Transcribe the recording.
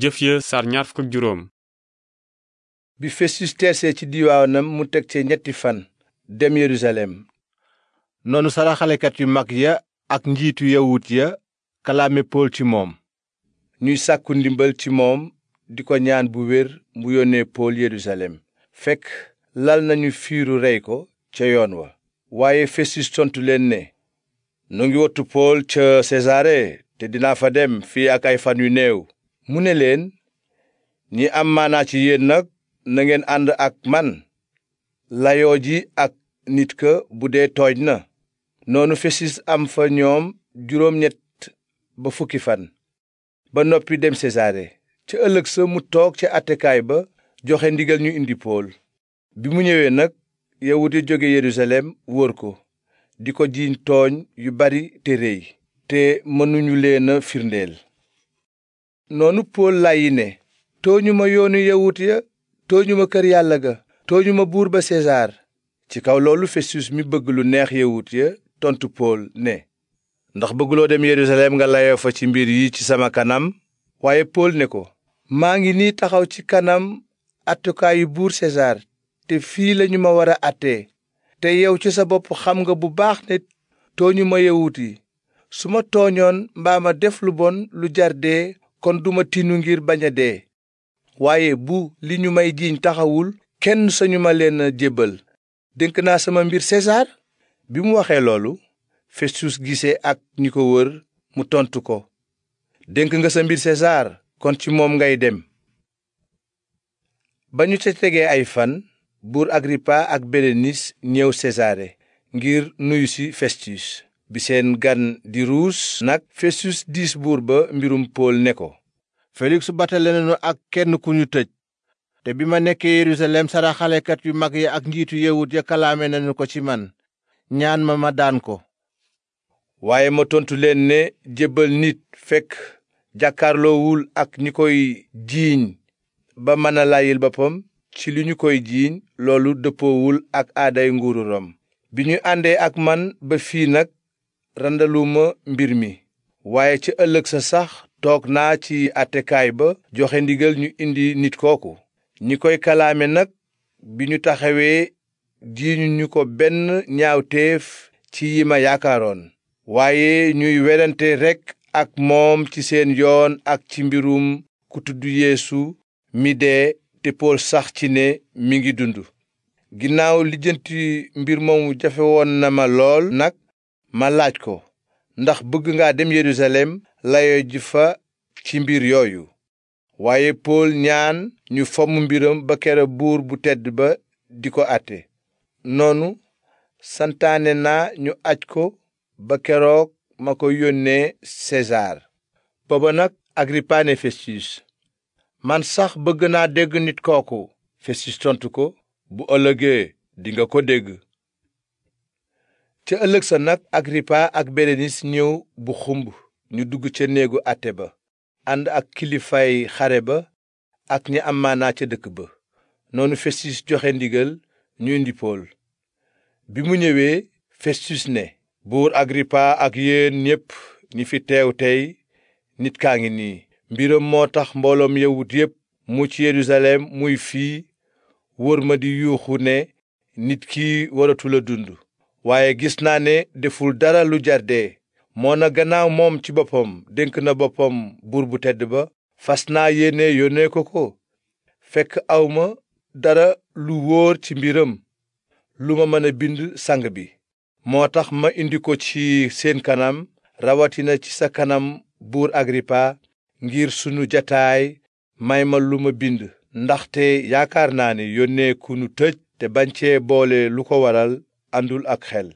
jëf ya sar ñaar fukk bi festus teesee ci diwaanam mu teg ci ñetti fan dem yerusalem noonu saraxalekat yu mag ya ak njiitu yawut ya kalaame pool ci moom ñuy sàkku ndimbal ci moom di ko ñaan bu wér mu yónnee pool yerusalem fekk lal nañu fiiru rey ko ca yoon wa waaye festus sontu leen ne nu ngi wottu pool ca sesaare te dinaa fa dem fii ak ay fan yu néew mu ne leen ñi am maanaa ci yéen nag na ngeen ànd ak man layoo ji ak nit ka bu dee tooj na noonu fesis am fa ñoom juróom ñett ba fukki fan ba noppi dem sesaare ca ëllëg sa mu toog ca attekaay ba joxe ndigal ñu indi pool bi mu ñëwee nag yawut ya jóge yerusalem wóor ko di ko jiiñ tooñ yu bari te réy te mënuñu leen a firndeel noonu pool layyi ne ma yoonu yawut ya ma kër yàlla ga ma buur ba sesaar ci kaw loolu festus mi bëgg lu neex yawut ya tontu pool ne ndax bëgguloo dem yerusalem nga layoo fa ci mbir yi ci sama kanam waaye pool ne ko maa ngi nii taxaw ci kanam attukaayu buur sesaar te fii lañu ma war a àttee te yow ci sa bopp xam nga bu baax ne tooñu ma yawut yi su ma tooñoon mbaa ma def lu bon lu jar kon duma tinu ngir bañ a dee waaye bu li ñu may jiiñ taxawul kenn sañu ma leen a jébbal dénk naa sama mbir Sesaar bi mu waxee loolu Festus gisee ak ñi ko wër mu tontu ko dénk nga sa mbir Sesaar kon ci moom ngay dem ba ñu ca tegee ay fan buur Agrippa ak Bérénis ñëw Sesaare ngir nuyu ci Festus bi seen gan di ruus nag festus diis buur ba mbirum pool ne ko feliks batale nañu ak kenn ku ñu tëj te bi ma nekkee yerusalem saraxalekat yu mag yi ak njiitu yawut ya kalaame nañu ko ci man ñaan ma ma daan ko waaye ma tontu leen ne jébbal nit fekk jàkkaarloowul ak ñi koy jiiñ ba mën a layil boppam ci li ñu koy jiiñ loolu dëppoowul ak aaday nguuru rom bi ñu àndee ak man ba fii randaluma mbir mi waaye ci ëllëg sa sax toog naa ci atekaay ba joxe ndigal ñu indi nit kooku ñi koy kalaame nag bi ñu taxawee jiiñu ñu ko benn ñaawteef ci yi ma yaakaaroon waaye ñuy werante rekk ak moom ci seen yoon ak ci mbirum ku tudd yeesu mi dee te pool sax ci ne mi ngi dund ginnaaw lijjanti mbir moomu jafe woon na ma lool nag ma laaj ko ndax bëgg nga dem yerusalem layoo ji fa ci mbir yooyu waaye pool ñaan ñu fomm mbiram ba kera buur bu tedd ba di ko àtte noonu santaane naa ñu aj ko ba keroog ma ko yónnee sesaar booba nag agrippa ne festus man sax bëgg naa dégg nit kooku festus tontu ko bu ëllëgee dinga ko dégg ca ëllëg sa nag agripa ak berenis ñëw bu xumb ñu dugg ca néegu ate ba ànd ak kilifaay xare ba ak ñi am ca dëkk ba noonu festus joxe ndigal ñu indi pool bi mu ñëwee festus ne buur agripa ak yéen ñépp ñi fi teew tey nit kaa ngi nii mbiram moo tax mbooloom yawut yépp mu ci yerusalem muy fii wër ma di yuuxu ne nit ki waratul a dund waaye gis naa ne deful dara lu jarde moo na gannaaw moom ci boppam dénk na boppam buur bu tedd ba fas naa yéene yónnee ko ko fekk awma dara lu wóor ci mbiram lu ma mën a bind sang bi moo tax ma indi ko ci seen kanam rawatina ci sa kanam buur agripa ngir sunu jataay may ma lu ma bind ndaxte yaakaar naa ne yónnee ku nu tëj te bañ boole lu ko waral àndul ak xel